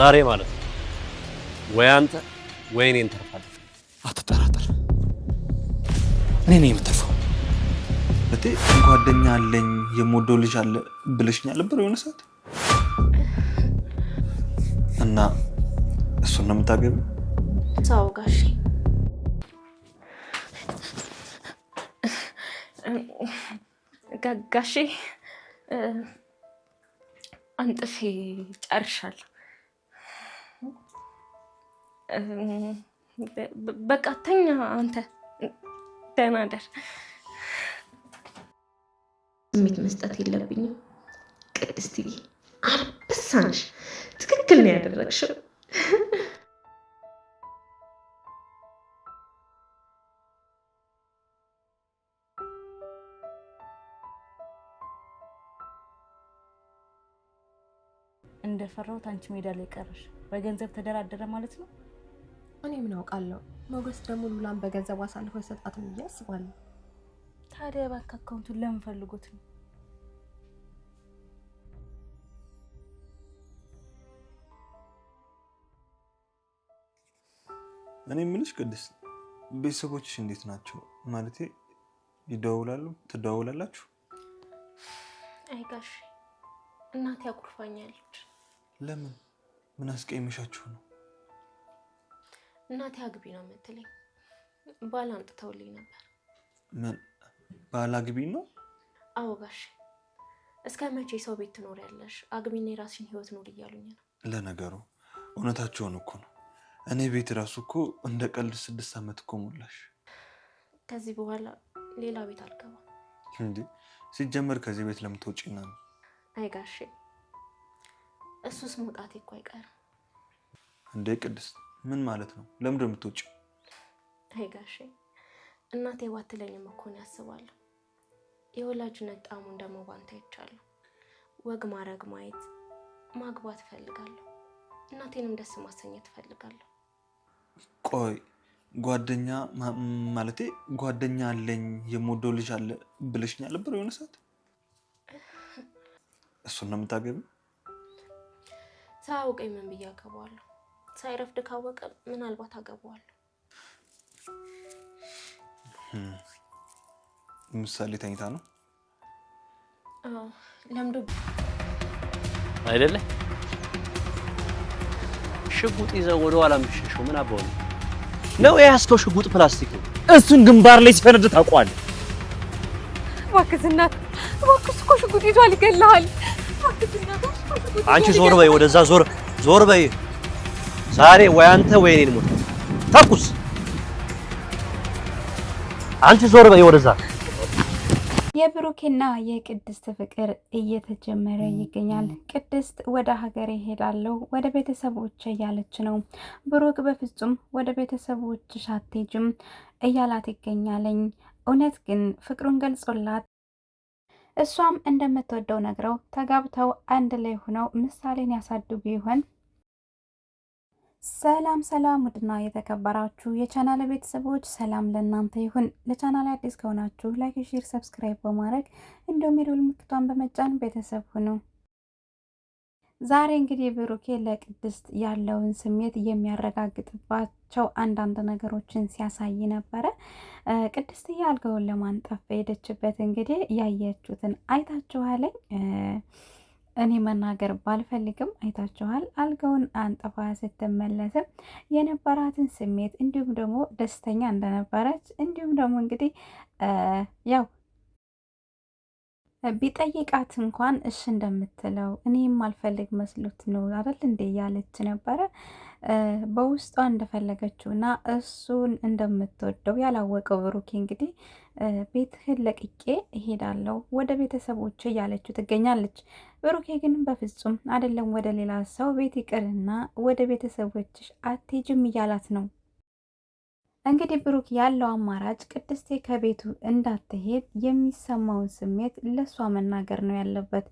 ዛሬ ማለት ነው። ወይ አንተ ወይ እኔ እንተርፋለን። አትጠራጠር፣ እኔ ነኝ የምተርፈው። እቴ ጓደኛ አለኝ የምወደው ልጅ አለ ብለሽኛ ነበር የሆነ ሰዓት እና እሱን ነው የምታገቢው? ተው ጋሼ አንጥፌ ጨርሻለሁ። በቃ ተኛ አንተ ደህና ደር። ስሜት መስጠት የለብኝም ቅድስትዬ። አንበሳንሽ ትክክል ነው ያደረግሽው። እንደፈራሁት አንቺ ሜዳ ላይ ቀረሽ። በገንዘብ ተደራደረ ማለት ነው። እኔ ምን አውቃለሁ። ሞገስ ደግሞ ሉላን በገንዘብ አሳልፎ የሰጣትም ብዬ አስባለሁ። ታዲያ ባንክ አካውንቱን ለምን ፈልጎት ነው? እኔ የምልሽ ቅድስት፣ ቤተሰቦችሽ እንዴት ናቸው? ማለቴ ይደዋውላሉ? ትደዋውላላችሁ? አይ ጋሽ፣ እናቴ አኩርፋኛለች። ለምን? ምን አስቀይመሻችሁ ነው? እናቴ አግቢ ነው የምትለኝ። ባል አምጥተውልኝ ነበር። ምን ባል አግቢ ነው? አዎ ጋሽ፣ እስከ መቼ ሰው ቤት ትኖሪያለሽ? አግቢና የራስሽን ህይወት ኑር እያሉኝ ነው። ለነገሩ እውነታቸውን እኮ ነው። እኔ ቤት ራሱ እኮ እንደ ቀልድ ስድስት ዓመት እኮ ሞላሽ። ከዚህ በኋላ ሌላ ቤት አልገባም። እንዲ ሲጀመር ከዚህ ቤት ለምትወጪና ነው? አይ ጋሼ፣ እሱስ መውጣቴ እኮ አይቀርም እንዴ ቅድስት ምን ማለት ነው? ለምንድን የምትውጭ? አይ ጋሼ እናቴ ባትለኝም እኮ ነው ያስባለሁ። የወላጅነት ጣዕሙን ደግሞ አይቻለሁ። ወግ ማድረግ ማየት ማግባት እፈልጋለሁ። እናቴንም ደስ ማሰኘት እፈልጋለሁ። ቆይ ጓደኛ ማለቴ ጓደኛ አለኝ የምወደው ልጅ አለ ብለሽኝ አልነበረ? የሆነ ሰዓት እሱን ነው የምታገቢው? ሳያውቀኝ ምን ብዬ አገባዋለሁ? ሳይረፍድ ካወቀ ምናልባት አገባዋለሁ። ምሳሌ ተኝታ ነው ለምዶ አይደለ? ሽጉጥ ይዘው ወደ ኋላ የምትሸሸው ምን አባው ነው? ነው የያዝከው ሽጉጥ ፕላስቲክ ነው። እሱን ግንባር ላይ ሲፈነድ ታውቀዋለህ። እባክህ እናት፣ እባክህ እኮ ሽጉጥ ይዟል፣ ይገልሃል። አንቺ ዞር በይ፣ ወደዛ ዞር ዞር በይ። ዛሬ ወይ አንተ ወይ እኔን ሞት ተኩስ። አንቺ ዞር በይ ወደዛ። የብሩኬና የቅድስት ፍቅር እየተጀመረ ይገኛል። ቅድስት ወደ ሀገር ሄዳለሁ ወደ ቤተሰቦች እያለች ነው። ብሩክ በፍጹም ወደ ቤተሰቦች አትሄጂም እያላት ይገኛለኝ። እውነት ግን ፍቅሩን ገልጾላት እሷም እንደምትወደው ነግረው ተጋብተው አንድ ላይ ሆነው ምሳሌን ያሳድጉ ይሆን? ሰላም ሰላም፣ ውድና የተከበራችሁ የቻናል ቤተሰቦች ሰላም ለእናንተ ይሁን። ለቻናል አዲስ ከሆናችሁ ላይክ፣ ሼር፣ ሰብስክራይብ በማድረግ እንዲሁም የደወል ምልክቷን በመጫን ቤተሰብ ሁኑ። ዛሬ እንግዲህ ብሩኬ ለቅድስት ያለውን ስሜት የሚያረጋግጥባቸው አንዳንድ ነገሮችን ሲያሳይ ነበረ። ቅድስት አልጋውን ለማንጠፍ ሄደችበት እንግዲህ ያየችሁትን አይታችኋለኝ። እኔ መናገር ባልፈልግም አይታችኋል። አልጋውን አንጥፋ ስትመለስም የነበራትን ስሜት እንዲሁም ደግሞ ደስተኛ እንደነበረች እንዲሁም ደግሞ እንግዲህ ያው ቢጠይቃት እንኳን እሺ እንደምትለው እኔም አልፈልግ መስሎት ነው አይደል እንዴ ያለች ነበረ። በውስጧ እንደፈለገችው እና እሱን እንደምትወደው ያላወቀው ብሩኬ እንግዲህ ቤትህን ለቅቄ እሄዳለሁ ወደ ቤተሰቦች እያለችው ትገኛለች። ብሩኬ ግን በፍጹም አይደለም፣ ወደ ሌላ ሰው ቤት ይቅርና ወደ ቤተሰቦችሽ አትሄጂም እያላት ነው። እንግዲህ ብሩክ ያለው አማራጭ ቅድስቴ ከቤቱ እንዳትሄድ የሚሰማውን ስሜት ለእሷ መናገር ነው ያለበት።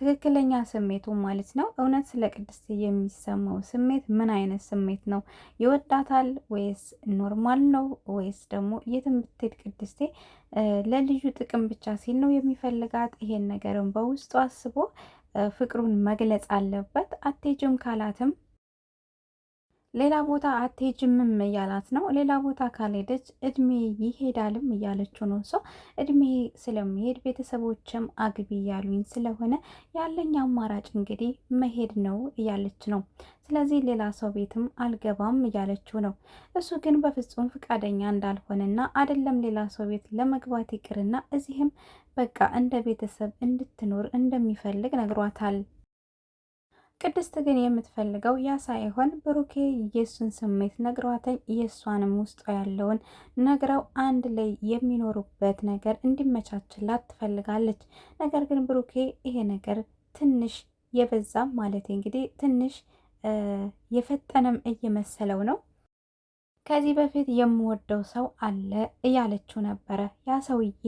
ትክክለኛ ስሜቱ ማለት ነው። እውነት ስለ ቅድስት የሚሰማው ስሜት ምን አይነት ስሜት ነው? ይወዳታል ወይስ ኖርማል ነው? ወይስ ደግሞ የትም ብትሄድ ቅድስቴ ለልዩ ጥቅም ብቻ ሲል ነው የሚፈልጋት? ይሄን ነገርን በውስጡ አስቦ ፍቅሩን መግለጽ አለበት። አቴጅም ካላትም ሌላ ቦታ አትሄጅምም እያላት ነው። ሌላ ቦታ ካልሄደች እድሜ ይሄዳልም እያለችው ነው። ሰው እድሜ ስለሚሄድ ቤተሰቦችም አግቢ እያሉኝ ስለሆነ ያለኝ አማራጭ እንግዲህ መሄድ ነው እያለች ነው። ስለዚህ ሌላ ሰው ቤትም አልገባም እያለችው ነው። እሱ ግን በፍጹም ፈቃደኛ እንዳልሆነና አይደለም ሌላ ሰው ቤት ለመግባት ይቅርና እዚህም በቃ እንደ ቤተሰብ እንድትኖር እንደሚፈልግ ነግሯታል። ቅድስት ግን የምትፈልገው ያ ሳይሆን ብሩኬ የእሱን ስሜት ነግሯተኝ የእሷንም ውስጧ ያለውን ነግረው አንድ ላይ የሚኖሩበት ነገር እንዲመቻችላት ትፈልጋለች። ነገር ግን ብሩኬ ይሄ ነገር ትንሽ የበዛም ማለት እንግዲህ ትንሽ የፈጠነም እየመሰለው ነው። ከዚህ በፊት የምወደው ሰው አለ እያለችው ነበረ። ያ ሰውዬ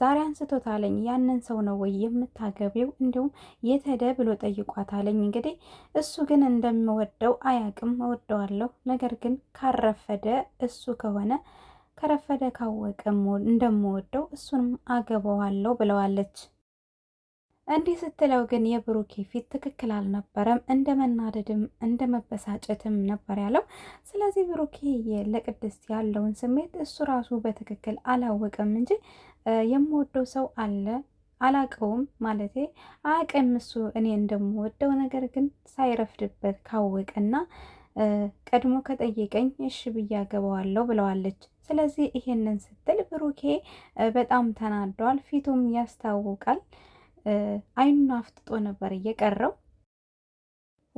ዛሬ አንስቶታለኝ። ያንን ሰው ነው ወይ የምታገቢው? እንዲሁም የት ሄደ ብሎ ጠይቋታለኝ። እንግዲህ እሱ ግን እንደምወደው አያቅም። እወደዋለሁ፣ ነገር ግን ካረፈደ እሱ ከሆነ ከረፈደ ካወቀ እንደምወደው እሱንም አገባዋለሁ ብለዋለች። እንዲህ ስትለው ግን የብሩኬ ፊት ትክክል አልነበረም። እንደ መናደድም እንደ መበሳጨትም ነበር ያለው። ስለዚህ ብሩኬ ለቅድስት ያለውን ስሜት እሱ ራሱ በትክክል አላወቅም እንጂ የምወደው ሰው አለ አላቀውም ማለት አያቀም እሱ እኔ እንደምወደው ነገር ግን ሳይረፍድበት ካወቀና ቀድሞ ከጠየቀኝ እሺ ብዬ አገባዋለሁ ብለዋለች። ስለዚህ ይሄንን ስትል ብሩኬ በጣም ተናዷል፣ ፊቱም ያስታውቃል። አይኑን አፍጥጦ ነበር እየቀረው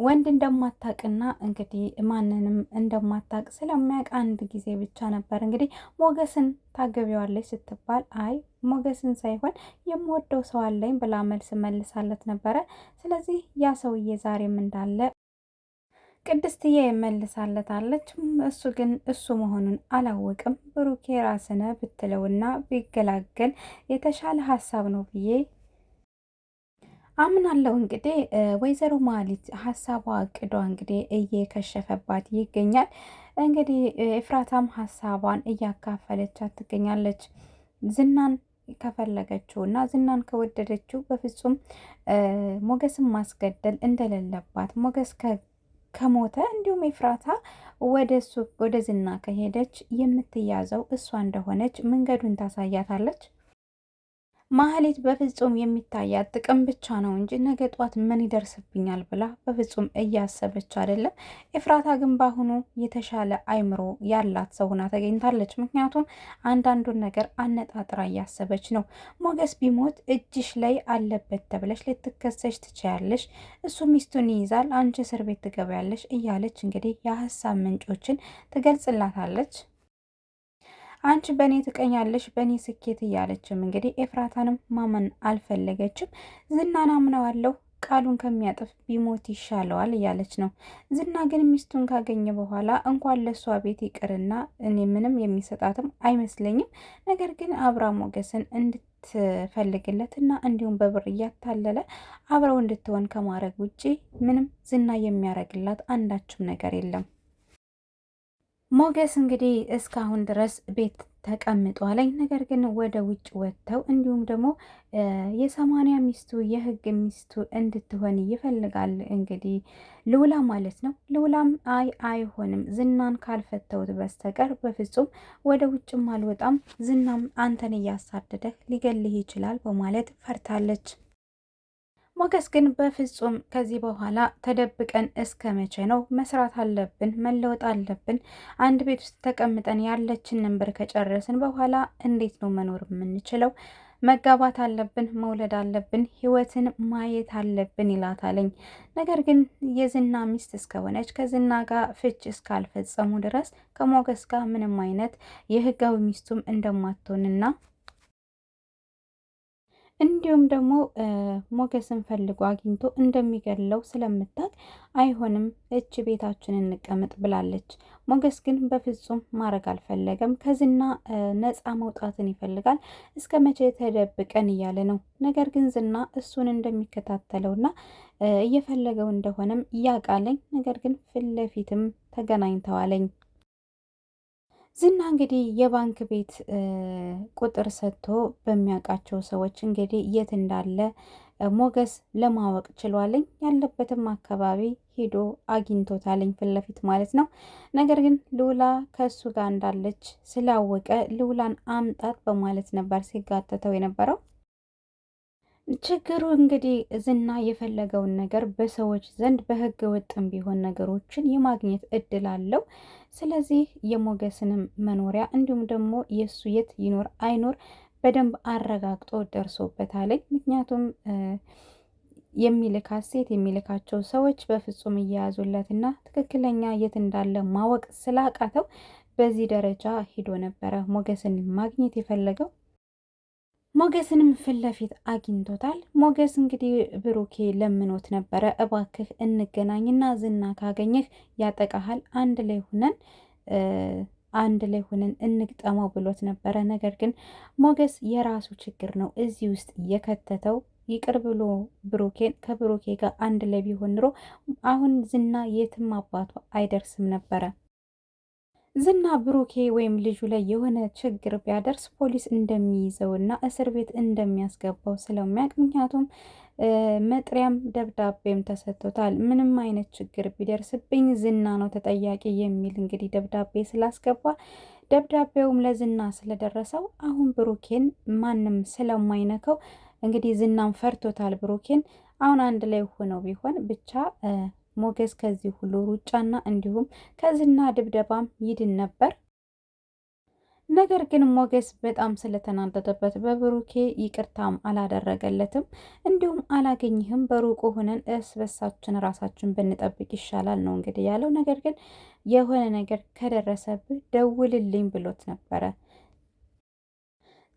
ወንድ እንደማታቅና እንግዲህ ማንንም እንደማታቅ ስለሚያውቅ አንድ ጊዜ ብቻ ነበር እንግዲህ ሞገስን ታገቢዋለች ስትባል አይ ሞገስን ሳይሆን የምወደው ሰው አለኝ ብላ መልስ መልሳለት ነበረ። ስለዚህ ያ ሰውዬ ዛሬም እንዳለ ቅድስትዬ መልሳለታለች። እሱ ግን እሱ መሆኑን አላወቅም። ብሩኬ ራስነ ብትለውና ቢገላገል የተሻለ ሀሳብ ነው ብዬ አምናለው እንግዲህ ወይዘሮ ማሊት ሀሳቧ እቅዷ እንግዲህ እየከሸፈባት ይገኛል። እንግዲህ ኤፍራታም ሀሳቧን እያካፈለቻት ትገኛለች። ዝናን ከፈለገችው እና ዝናን ከወደደችው በፍጹም ሞገስን ማስገደል እንደሌለባት ሞገስ ከሞተ እንዲሁም ኤፍራታ ወደ ዝና ከሄደች የምትያዘው እሷ እንደሆነች መንገዱን ታሳያታለች። ማህሌት በፍጹም የሚታያት ጥቅም ብቻ ነው እንጂ ነገ ጧት ምን ይደርስብኛል ብላ በፍጹም እያሰበች አይደለም። ኤፍራታ ግን በአሁኑ የተሻለ አይምሮ ያላት ሰው ሆና ተገኝታለች። ምክንያቱም አንዳንዱን ነገር አነጣጥራ እያሰበች ነው። ሞገስ ቢሞት እጅሽ ላይ አለበት ተብለሽ ልትከሰሽ ትችያለሽ፣ እሱ ሚስቱን ይይዛል፣ አንቺ እስር ቤት ትገበያለሽ እያለች እንግዲህ የሀሳብ ምንጮችን ትገልጽላታለች። አንቺ በእኔ ትቀኛለሽ፣ በእኔ ስኬት እያለችም እንግዲህ ኤፍራታንም ማመን አልፈለገችም። ዝናን አምነዋለሁ ቃሉን ከሚያጥፍ ቢሞት ይሻለዋል እያለች ነው። ዝና ግን ሚስቱን ካገኘ በኋላ እንኳን ለእሷ ቤት ይቅርና እኔ ምንም የሚሰጣትም አይመስለኝም። ነገር ግን አብራ ሞገስን እንድትፈልግለት እና እንዲሁም በብር እያታለለ አብረው እንድትሆን ከማድረግ ውጪ ምንም ዝና የሚያደርግላት አንዳችም ነገር የለም። ሞገስ እንግዲህ እስካሁን ድረስ ቤት ተቀምጧለኝ። ነገር ግን ወደ ውጭ ወጥተው እንዲሁም ደግሞ የሰማንያ ሚስቱ የህግ ሚስቱ እንድትሆን ይፈልጋል እንግዲህ ልውላ ማለት ነው። ልውላም አይ አይሆንም፣ ዝናን ካልፈተውት በስተቀር በፍጹም ወደ ውጭም አልወጣም፣ ዝናም አንተን እያሳደደህ ሊገልህ ይችላል በማለት ፈርታለች። ሞገስ ግን በፍጹም ከዚህ በኋላ ተደብቀን እስከ መቼ ነው? መስራት አለብን፣ መለወጥ አለብን። አንድ ቤት ውስጥ ተቀምጠን ያለችንን ብር ከጨረስን በኋላ እንዴት ነው መኖር የምንችለው? መጋባት አለብን፣ መውለድ አለብን፣ ህይወትን ማየት አለብን ይላታለኝ። ነገር ግን የዝና ሚስት እስከሆነች ከዝና ጋር ፍች እስካልፈጸሙ ድረስ ከሞገስ ጋር ምንም አይነት የህጋዊ ሚስቱም እንደማትሆንና እንዲሁም ደግሞ ሞገስን ፈልጎ አግኝቶ እንደሚገድለው ስለምታውቅ አይሆንም፣ እች ቤታችን እንቀመጥ ብላለች። ሞገስ ግን በፍጹም ማድረግ አልፈለገም። ከዝና ነፃ መውጣትን ይፈልጋል። እስከ መቼ ተደብቀን እያለ ነው። ነገር ግን ዝና እሱን እንደሚከታተለውና እየፈለገው እንደሆነም ያቃለኝ ነገር ግን ፊት ለፊትም ተገናኝተዋለኝ ዝና እንግዲህ የባንክ ቤት ቁጥር ሰጥቶ በሚያውቃቸው ሰዎች እንግዲህ የት እንዳለ ሞገስ ለማወቅ ችሏለኝ። ያለበትም አካባቢ ሄዶ አግኝቶታለኝ ፊት ለፊት ማለት ነው። ነገር ግን ልውላ ከእሱ ጋር እንዳለች ስላወቀ ልውላን አምጣት በማለት ነበር ሲጋተተው የነበረው። ችግሩ እንግዲህ ዝና የፈለገውን ነገር በሰዎች ዘንድ በህገ ወጥም ቢሆን ነገሮችን የማግኘት እድል አለው። ስለዚህ የሞገስንም መኖሪያ እንዲሁም ደግሞ የእሱ የት ይኖር አይኖር በደንብ አረጋግጦ ደርሶበታለኝ። ምክንያቱም የሚልካት ሴት የሚልካቸው ሰዎች በፍጹም እየያዙለትና ትክክለኛ የት እንዳለ ማወቅ ስላቃተው በዚህ ደረጃ ሂዶ ነበረ ሞገስን ማግኘት የፈለገው። ሞገስንም ፊት ለፊት አግኝቶታል። ሞገስ እንግዲህ ብሩኬ ለምኖት ነበረ፣ እባክህ እንገናኝና ዝና ካገኘህ ያጠቃሃል፣ አንድ ላይ ሁነን አንድ ላይ ሆነን እንግጠመው ብሎት ነበረ። ነገር ግን ሞገስ የራሱ ችግር ነው እዚህ ውስጥ የከተተው ይቅር ብሎ ብሩኬን ከብሩኬ ጋር አንድ ላይ ቢሆን ኑሮ አሁን ዝና የትም አባቱ አይደርስም ነበረ። ዝና ብሩኬ ወይም ልጁ ላይ የሆነ ችግር ቢያደርስ ፖሊስ እንደሚይዘው እና እስር ቤት እንደሚያስገባው ስለሚያውቅ ምክንያቱም መጥሪያም ደብዳቤም ተሰጥቶታል። ምንም አይነት ችግር ቢደርስብኝ ዝና ነው ተጠያቂ የሚል እንግዲህ ደብዳቤ ስላስገባ ደብዳቤውም ለዝና ስለደረሰው አሁን ብሩኬን ማንም ስለማይነከው እንግዲህ ዝናም ፈርቶታል ብሩኬን። አሁን አንድ ላይ ሆነው ቢሆን ብቻ ሞገስ ከዚህ ሁሉ ሩጫና እንዲሁም ከዝና ድብደባም ይድን ነበር። ነገር ግን ሞገስ በጣም ስለተናደደበት በብሩኬ ይቅርታም አላደረገለትም። እንዲሁም አላገኝህም፣ በሩቁ ሆነን እርስ ራሳችን ብንጠብቅ ይሻላል ነው እንግዲህ ያለው። ነገር ግን የሆነ ነገር ከደረሰብህ ደውልልኝ ብሎት ነበረ።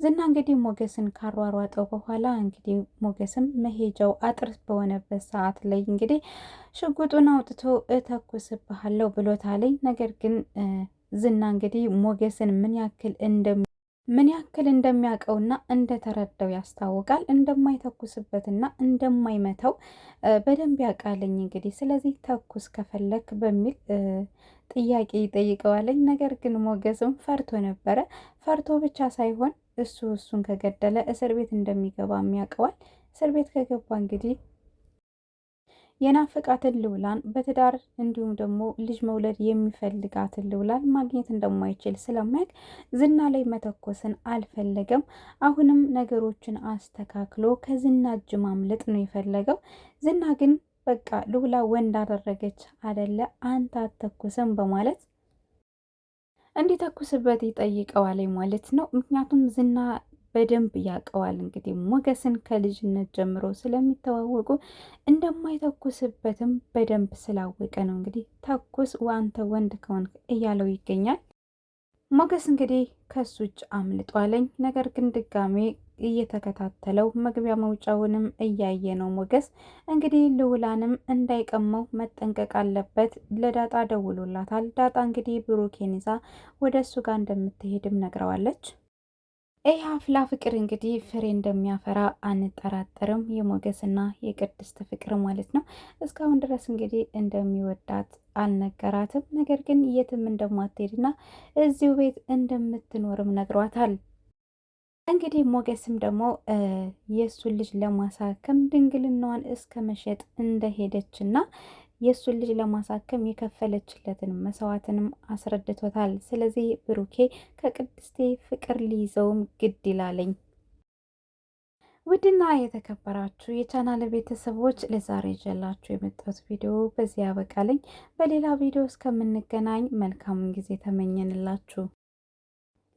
ዝና እንግዲህ ሞገስን ካሯሯጠው በኋላ እንግዲህ ሞገስም መሄጃው አጥር በሆነበት ሰዓት ላይ እንግዲህ ሽጉጡን አውጥቶ እተኩስብሃለሁ ብሎታለኝ። ነገር ግን ዝና እንግዲህ ሞገስን ምን ያክል እንደሚ ምን ያክል እንደሚያውቀውና እንደተረዳው ያስታውቃል። እንደማይተኩስበትና እንደማይመተው በደንብ ያውቃለኝ። እንግዲህ ስለዚህ ተኩስ ከፈለክ በሚል ጥያቄ ይጠይቀዋለኝ። ነገር ግን ሞገስም ፈርቶ ነበረ። ፈርቶ ብቻ ሳይሆን እሱ እሱን ከገደለ እስር ቤት እንደሚገባ የሚያውቀዋል። እስር ቤት ከገባ እንግዲህ የናፈቃትን ልውላን በትዳር እንዲሁም ደግሞ ልጅ መውለድ የሚፈልጋትን ልውላን ማግኘት እንደማይችል ስለማያውቅ ዝና ላይ መተኮስን አልፈለገም። አሁንም ነገሮችን አስተካክሎ ከዝና እጅ ማምለጥ ነው የፈለገው። ዝና ግን በቃ ልውላ ወንድ አደረገች አደለ አንተ አትተኩስም በማለት እንዲተኩስበት ይጠይቀዋል ማለት ነው። ምክንያቱም ዝና በደንብ ያውቀዋል። እንግዲህ ሞገስን ከልጅነት ጀምሮ ስለሚተዋወቁ እንደማይተኩስበትም በደንብ ስላወቀ ነው። እንግዲህ ተኩስ ዋንተ ወንድ ከሆን እያለው ይገኛል። ሞገስ እንግዲህ ከሱ እጅ አምልጧለኝ። ነገር ግን ድጋሜ እየተከታተለው መግቢያ መውጫውንም እያየ ነው ሞገስ። እንግዲህ ልውላንም እንዳይቀመው መጠንቀቅ አለበት። ለዳጣ ደውሎላታል። ዳጣ እንግዲህ ብሩኬን ይዛ ወደ እሱ ጋር እንደምትሄድም ነግረዋለች። ይህ አፍላ ፍቅር እንግዲህ ፍሬ እንደሚያፈራ አንጠራጠርም። የሞገስና የቅድስት ፍቅር ማለት ነው። እስካሁን ድረስ እንግዲህ እንደሚወዳት አልነገራትም። ነገር ግን የትም እንደማትሄድና እዚሁ ቤት እንደምትኖርም ነግሯታል። እንግዲህ ሞገስም ደግሞ የእሱን ልጅ ለማሳከም ድንግልናዋን እስከ መሸጥ እንደሄደችና የእሱን ልጅ ለማሳከም የከፈለችለትን መስዋዕትንም አስረድቶታል። ስለዚህ ብሩኬ ከቅድስቴ ፍቅር ሊይዘውም ግድ ይላለኝ። ውድና የተከበራችሁ የቻናል ቤተሰቦች ለዛሬ ይዤላችሁ የመጣሁት ቪዲዮ በዚህ ያበቃለኝ። በሌላ ቪዲዮ እስከምንገናኝ መልካሙን ጊዜ ተመኘንላችሁ።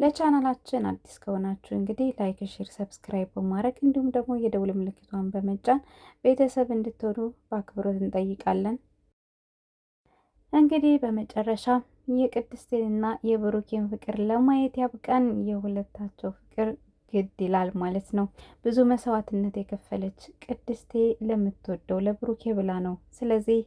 ለቻናላችን አዲስ ከሆናችሁ እንግዲህ ላይክ፣ ሼር፣ ሰብስክራይብ በማድረግ እንዲሁም ደግሞ የደውል ምልክቷን በመጫን ቤተሰብ እንድትሆኑ በአክብሮት እንጠይቃለን። እንግዲህ በመጨረሻ የቅድስቴንና የብሩኬን ፍቅር ለማየት ያብቃን። የሁለታቸው ፍቅር ግድ ይላል ማለት ነው። ብዙ መስዋዕትነት የከፈለች ቅድስቴ ለምትወደው ለብሩኬ ብላ ነው። ስለዚህ